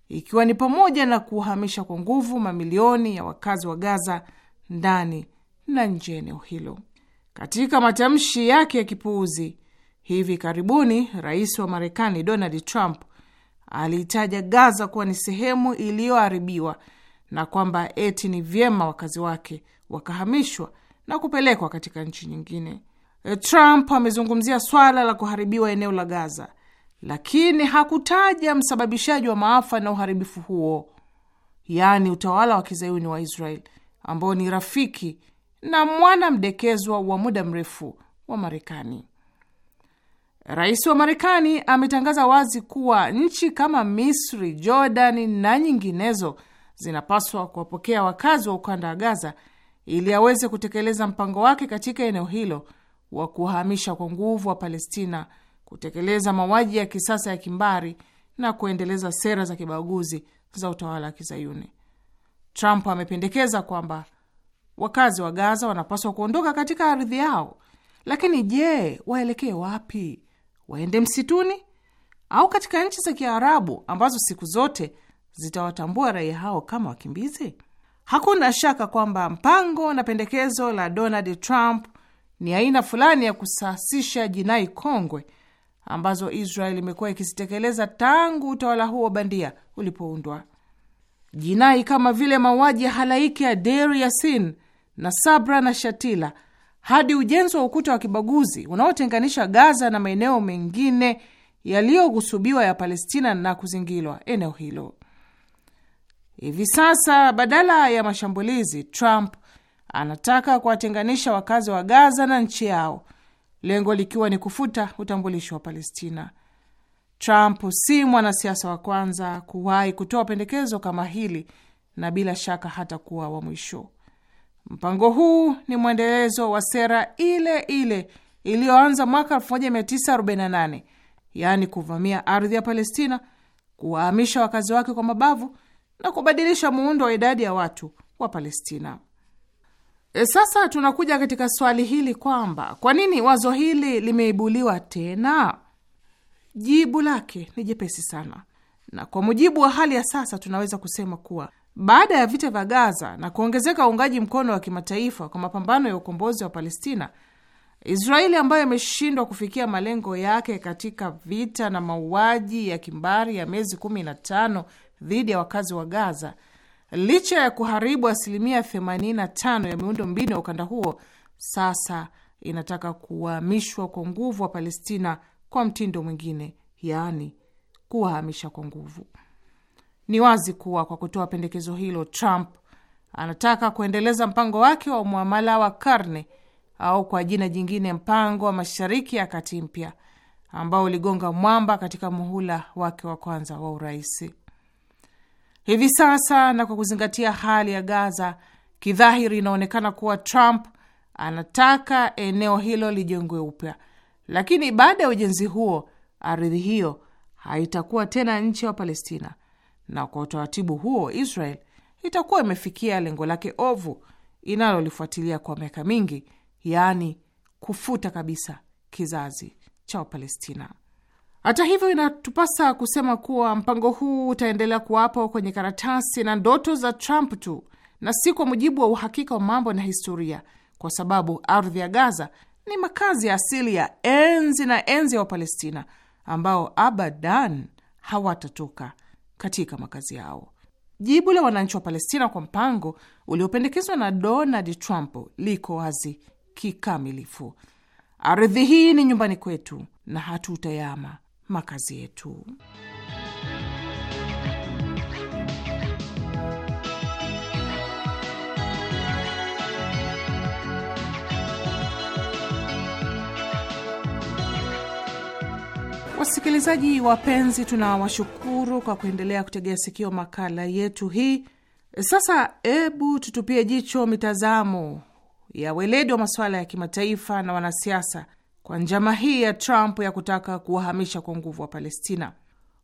ikiwa ni pamoja na kuhamisha kwa nguvu mamilioni ya wakazi wa Gaza ndani na nje ya eneo hilo. Katika matamshi yake ya kipuuzi hivi karibuni, rais wa Marekani Donald Trump aliitaja Gaza kuwa ni sehemu iliyoharibiwa na kwamba eti ni vyema wakazi wake wakahamishwa na kupelekwa katika nchi nyingine. E, Trump amezungumzia swala la kuharibiwa eneo la Gaza, lakini hakutaja msababishaji wa maafa na uharibifu huo, yaani utawala wa kizayuni wa Israel ambao ni rafiki na mwana mdekezwa wa muda mrefu wa Marekani. Rais wa Marekani ametangaza wazi kuwa nchi kama Misri, Jordani na nyinginezo zinapaswa kuwapokea wakazi wa ukanda wa Gaza ili aweze kutekeleza mpango wake katika eneo hilo wa kuwahamisha kwa nguvu wa Palestina, kutekeleza mauaji ya kisasa ya kimbari na kuendeleza sera za kibaguzi za utawala wa Kizayuni. Trump amependekeza kwamba wakazi wa Gaza wanapaswa kuondoka katika ardhi yao, lakini je, waelekee wapi? waende msituni au katika nchi za Kiarabu ambazo siku zote zitawatambua raia hao kama wakimbizi? Hakuna shaka kwamba mpango na pendekezo la Donald Trump ni aina fulani ya kusasisha jinai kongwe ambazo Israel imekuwa ikizitekeleza tangu utawala huo bandia ulipoundwa. Jinai kama vile mauaji ya halaiki ya Deir Yassin na Sabra na Shatila hadi ujenzi wa ukuta wa kibaguzi unaotenganisha Gaza na maeneo mengine yaliyohusubiwa ya Palestina na kuzingilwa eneo hilo. Hivi sasa, badala ya mashambulizi, Trump anataka kuwatenganisha wakazi wa Gaza na nchi yao, lengo likiwa ni kufuta utambulisho wa Palestina. Trump si mwanasiasa wa kwanza kuwahi kutoa pendekezo kama hili na bila shaka hata kuwa wa mwisho. Mpango huu ni mwendelezo wa sera ile ile iliyoanza mwaka 1948 yaani kuvamia ardhi ya Palestina, kuwahamisha wakazi wake kwa mabavu na kubadilisha muundo wa idadi ya watu wa Palestina. E, sasa tunakuja katika swali hili kwamba kwa nini wazo hili limeibuliwa tena? Jibu lake ni jepesi sana, na kwa mujibu wa hali ya sasa tunaweza kusema kuwa baada ya vita vya Gaza na kuongezeka uungaji mkono wa kimataifa kwa mapambano ya ukombozi wa Palestina, Israeli ambayo imeshindwa kufikia malengo yake katika vita na mauaji ya kimbari ya miezi 15 dhidi ya wakazi wa Gaza, licha ya kuharibu asilimia 85 ya miundo mbinu ya ukanda huo, sasa inataka kuhamishwa kwa nguvu wa Palestina kwa mtindo mwingine, yaani kuwahamisha kwa nguvu. Ni wazi kuwa kwa kutoa pendekezo hilo, Trump anataka kuendeleza mpango wake wa mwamala wa karne au kwa jina jingine mpango wa Mashariki ya Kati mpya ambao uligonga mwamba katika muhula wake wa kwanza wa urais. Hivi sasa na kwa kuzingatia hali ya Gaza, kidhahiri inaonekana kuwa Trump anataka eneo hilo lijengwe upya, lakini baada ya ujenzi huo ardhi hiyo haitakuwa tena nchi ya Palestina na kwa utaratibu huo Israel itakuwa imefikia lengo lake ovu inalolifuatilia kwa miaka mingi, yaani kufuta kabisa kizazi cha Wapalestina. Hata hivyo, inatupasa kusema kuwa mpango huu utaendelea kuwapo kwenye karatasi na ndoto za Trump tu na si kwa mujibu wa uhakika wa mambo na historia, kwa sababu ardhi ya Gaza ni makazi ya asili ya enzi na enzi ya Wapalestina ambao abadan hawatatoka katika makazi yao. Jibu la wananchi wa Palestina kwa mpango uliopendekezwa na Donald Trump liko wazi kikamilifu: ardhi hii ni nyumbani kwetu na hatutayama makazi yetu. Wasikilizaji wapenzi, tunawashukuru kwa kuendelea kutegea sikio makala yetu hii. Sasa hebu tutupie jicho mitazamo ya weledi wa masuala ya kimataifa na wanasiasa kwa njama hii ya Trump ya kutaka kuwahamisha kwa nguvu wa Palestina.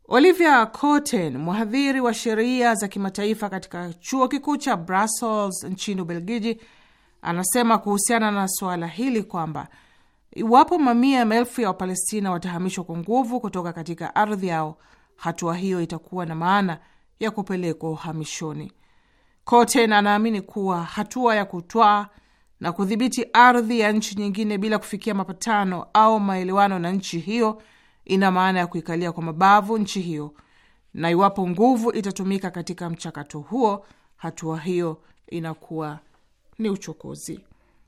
Olivia cotten mhadhiri wa sheria za kimataifa katika chuo kikuu cha Brussels nchini Ubelgiji, anasema kuhusiana na suala hili kwamba Iwapo mamia ya maelfu ya Wapalestina watahamishwa kwa nguvu kutoka katika ardhi yao, hatua hiyo itakuwa na maana ya kupelekwa uhamishoni. Cotten anaamini kuwa hatua ya kutwaa na kudhibiti ardhi ya nchi nyingine bila kufikia mapatano au maelewano na nchi hiyo ina maana ya kuikalia kwa mabavu nchi hiyo, na iwapo nguvu itatumika katika mchakato huo, hatua hiyo inakuwa ni uchokozi.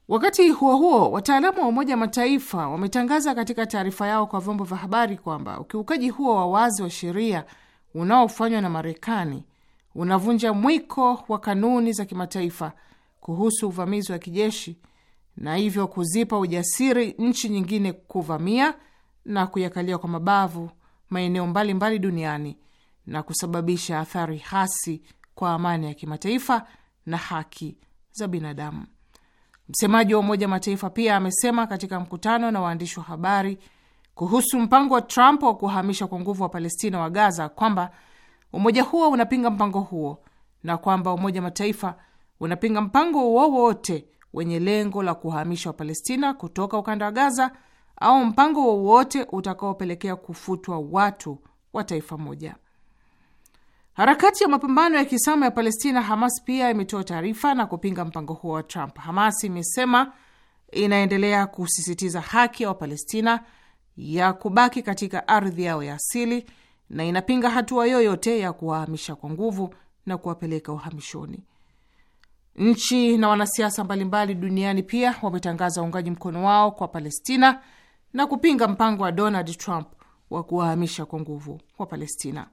Wakati huo huo, wataalamu wa Umoja Mataifa wametangaza katika taarifa yao kwa vyombo vya habari kwamba ukiukaji huo wa wazi wa sheria unaofanywa na Marekani unavunja mwiko wa kanuni za kimataifa kuhusu uvamizi wa kijeshi na hivyo kuzipa ujasiri nchi nyingine kuvamia na kuyakalia kwa mabavu maeneo mbalimbali duniani na kusababisha athari hasi kwa amani ya kimataifa na haki za binadamu. Msemaji wa Umoja Mataifa pia amesema katika mkutano na waandishi wa habari kuhusu mpango wa Trump wa kuhamisha kwa nguvu wa Palestina wa Gaza kwamba umoja huo unapinga mpango huo na kwamba Umoja Mataifa unapinga mpango wowote wenye lengo la kuhamisha Wapalestina kutoka ukanda wa Gaza au mpango wowote utakaopelekea kufutwa watu wa taifa moja. Harakati ya mapambano ya kiislamu ya Palestina, Hamas, pia imetoa taarifa na kupinga mpango huo wa Trump. Hamas imesema inaendelea kusisitiza haki ya Wapalestina ya kubaki katika ardhi yao ya asili na inapinga hatua yoyote ya kuwahamisha kwa nguvu na kuwapeleka uhamishoni. Nchi na wanasiasa mbalimbali duniani pia wametangaza uungaji mkono wao kwa Palestina na kupinga mpango wa Donald Trump wa kuwahamisha kwa nguvu wa Palestina.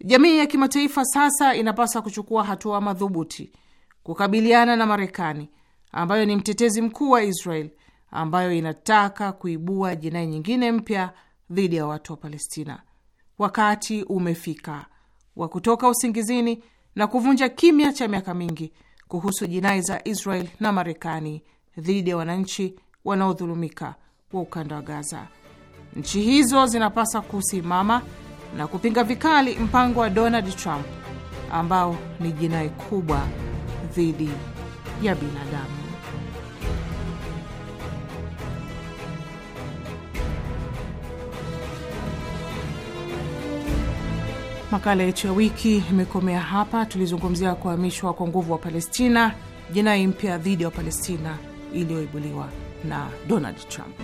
Jamii ya kimataifa sasa inapaswa kuchukua hatua madhubuti kukabiliana na Marekani ambayo ni mtetezi mkuu wa Israel ambayo inataka kuibua jinai nyingine mpya dhidi ya watu wa Palestina. Wakati umefika wa kutoka usingizini na kuvunja kimya cha miaka mingi kuhusu jinai za Israel na Marekani dhidi ya wananchi wanaodhulumika wa ukanda wa Gaza. Nchi hizo zinapaswa kusimama na kupinga vikali mpango wa Donald Trump ambao ni jinai kubwa dhidi ya binadamu. Makala yetu ya wiki imekomea hapa. Tulizungumzia kuhamishwa kwa nguvu wa Palestina, jinai mpya dhidi ya Wapalestina iliyoibuliwa na Donald Trump.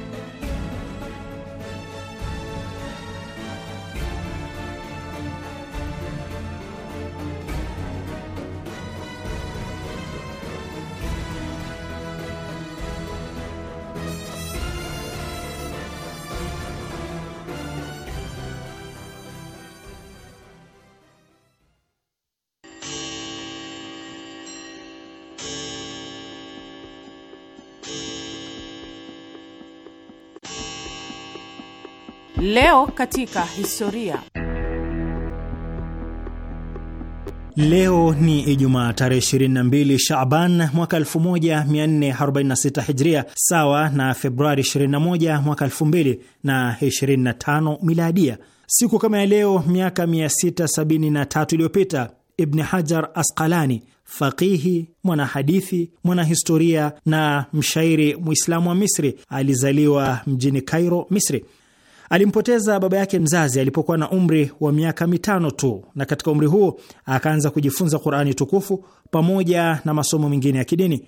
Leo katika historia. Leo ni Ijumaa tarehe 22 Shaban mwaka 1446 Hijria, sawa na Februari 21 mwaka 2025 Miladia. Siku kama ya leo miaka 673 iliyopita Ibni Hajar Asqalani, faqihi, mwanahadithi, mwanahistoria na mshairi Mwislamu wa Misri, alizaliwa mjini Kairo, Misri. Alimpoteza baba yake mzazi alipokuwa na umri wa miaka mitano tu, na katika umri huo akaanza kujifunza Qur'ani tukufu pamoja na masomo mengine ya kidini.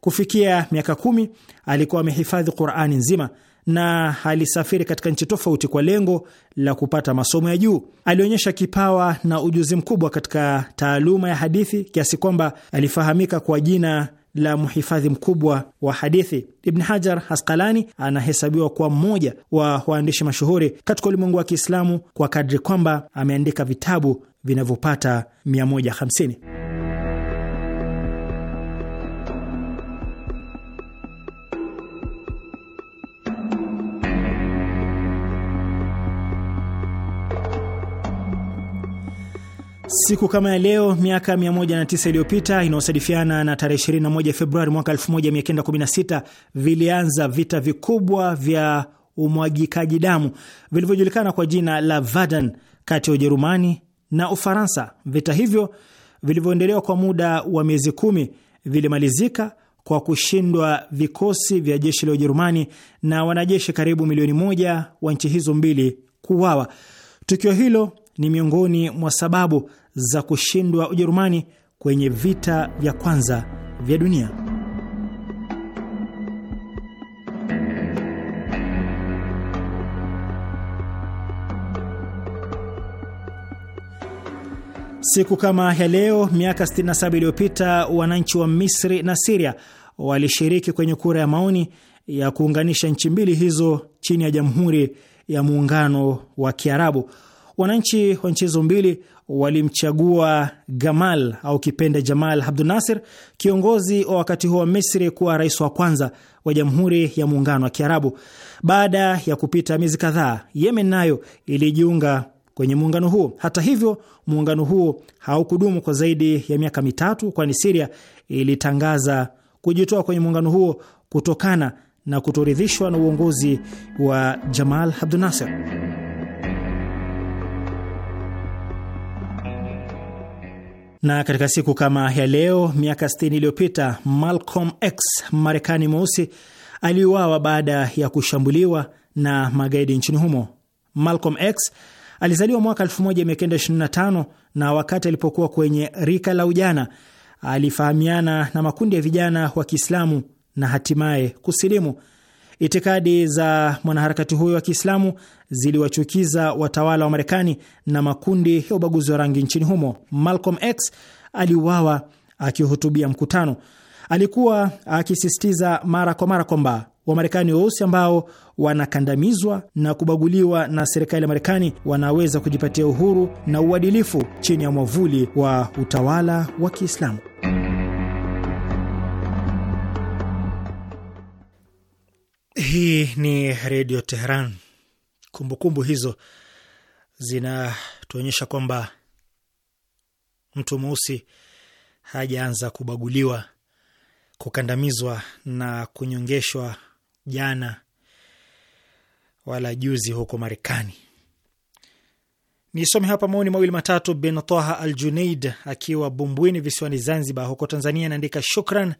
Kufikia miaka kumi alikuwa amehifadhi Qur'ani nzima na alisafiri katika nchi tofauti kwa lengo la kupata masomo ya juu. Alionyesha kipawa na ujuzi mkubwa katika taaluma ya hadithi kiasi kwamba alifahamika kwa jina la mhifadhi mkubwa wa hadithi. Ibn Hajar haskalani anahesabiwa kuwa mmoja wa waandishi mashuhuri katika ulimwengu wa Kiislamu kwa kadri kwamba ameandika vitabu vinavyopata 150. Siku kama ya leo miaka 109 iliyopita inayosadifiana na tarehe 21 Februari mwaka 1916 vilianza vita vikubwa vya umwagikaji damu vilivyojulikana kwa jina la Verdun kati ya Ujerumani na Ufaransa. Vita hivyo vilivyoendelewa kwa muda wa miezi kumi vilimalizika kwa kushindwa vikosi vya jeshi la Ujerumani na wanajeshi karibu milioni moja wa nchi hizo mbili kuuawa. Tukio hilo ni miongoni mwa sababu za kushindwa Ujerumani kwenye vita vya kwanza vya dunia. Siku kama ya leo miaka 67 iliyopita wananchi wa Misri na Siria walishiriki kwenye kura ya maoni ya kuunganisha nchi mbili hizo chini ya Jamhuri ya Muungano wa Kiarabu. Wananchi wa nchi hizo mbili walimchagua Gamal au kipenda Jamal Abdu Nasir, kiongozi wa wakati huo wa Misri, kuwa rais wa kwanza wa Jamhuri ya Muungano wa Kiarabu. Baada ya kupita miezi kadhaa, Yemen nayo ilijiunga kwenye muungano huo. Hata hivyo, muungano huo haukudumu kwa zaidi ya miaka mitatu, kwani Siria ilitangaza kujitoa kwenye muungano huo kutokana na kutoridhishwa na uongozi wa Jamal Abdu Nasir. Na katika siku kama ya leo miaka 60 iliyopita Malcolm X Marekani mweusi aliuawa baada ya kushambuliwa na magaidi nchini humo. Malcolm X alizaliwa mwaka 1925 na wakati alipokuwa kwenye rika la ujana alifahamiana na makundi ya vijana wa Kiislamu na hatimaye kusilimu. Itikadi za mwanaharakati huyo wa Kiislamu ziliwachukiza watawala wa Marekani na makundi ya ubaguzi wa rangi nchini humo. Malcolm X aliuawa akihutubia mkutano. Alikuwa akisisitiza mara kwa mara kwamba Wamarekani weusi ambao wanakandamizwa na kubaguliwa na serikali ya Marekani wanaweza kujipatia uhuru na uadilifu chini ya mwavuli wa utawala wa Kiislamu. Hii ni Redio Teheran. Kumbukumbu hizo zinatuonyesha kwamba mtu mweusi hajaanza kubaguliwa, kukandamizwa na kunyongeshwa jana wala juzi huko Marekani. Nisome hapa maoni mawili matatu. Bin Taha Al Junaid akiwa Bumbwini visiwani Zanzibar huko Tanzania anaandika shukran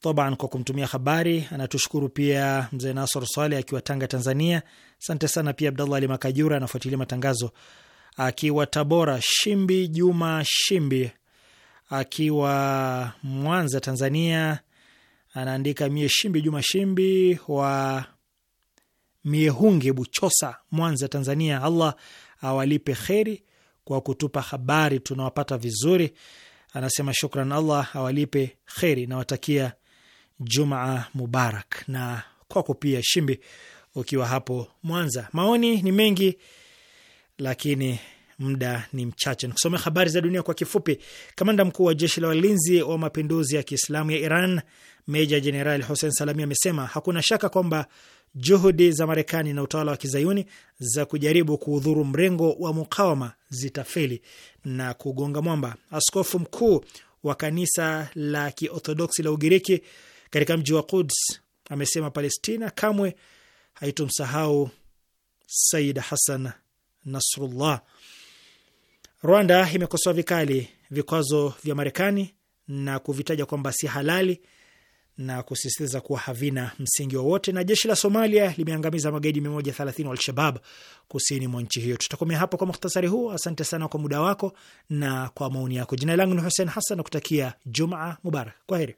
taban kwa kumtumia habari. Anatushukuru pia mzee Nasor Swale akiwa Tanga, Tanzania. Asante sana pia Abdallah Ali Makajura anafuatilia matangazo akiwa Tabora. Shimbi Juma Shimbi akiwa Mwanza, Tanzania anaandika mie Shimbi Juma Shimbi wa Miehunge, Buchosa, Mwanza, Tanzania. Allah awalipe kheri kwa kutupa habari, tunawapata vizuri. Anasema shukran, Allah awalipe kheri. Nawatakia Jumaa Mubarak na kwako pia Shimbi, ukiwa hapo Mwanza. Maoni ni mengi lakini muda ni mchache. Nikusomea habari za dunia kwa kifupi. Kamanda mkuu wa jeshi la walinzi wa mapinduzi ya Kiislamu ya Iran Meja Jenerali Hussein Salami amesema hakuna shaka kwamba juhudi za Marekani na utawala wa kizayuni za kujaribu kuudhuru mrengo wa mukawama zitafeli na kugonga mwamba. Askofu mkuu wa kanisa la Kiorthodoksi la Ugiriki katika mji wa Quds amesema Palestina kamwe haitomsahau Said Hassan Nasrullah. Rwanda imekosoa vikali vikwazo vya Marekani na kuvitaja kwamba si halali na kusisitiza kuwa havina msingi wowote. Na jeshi la Somalia limeangamiza magaidi 130 wa Alshabab kusini mwa nchi hiyo. Tutakomea hapo kwa muhtasari huu. Asante sana kwa muda wako na kwa maoni yako. Jina langu ni Hussein Hassan nakutakia kutakia Jumaa Mubarak. Kwa heri.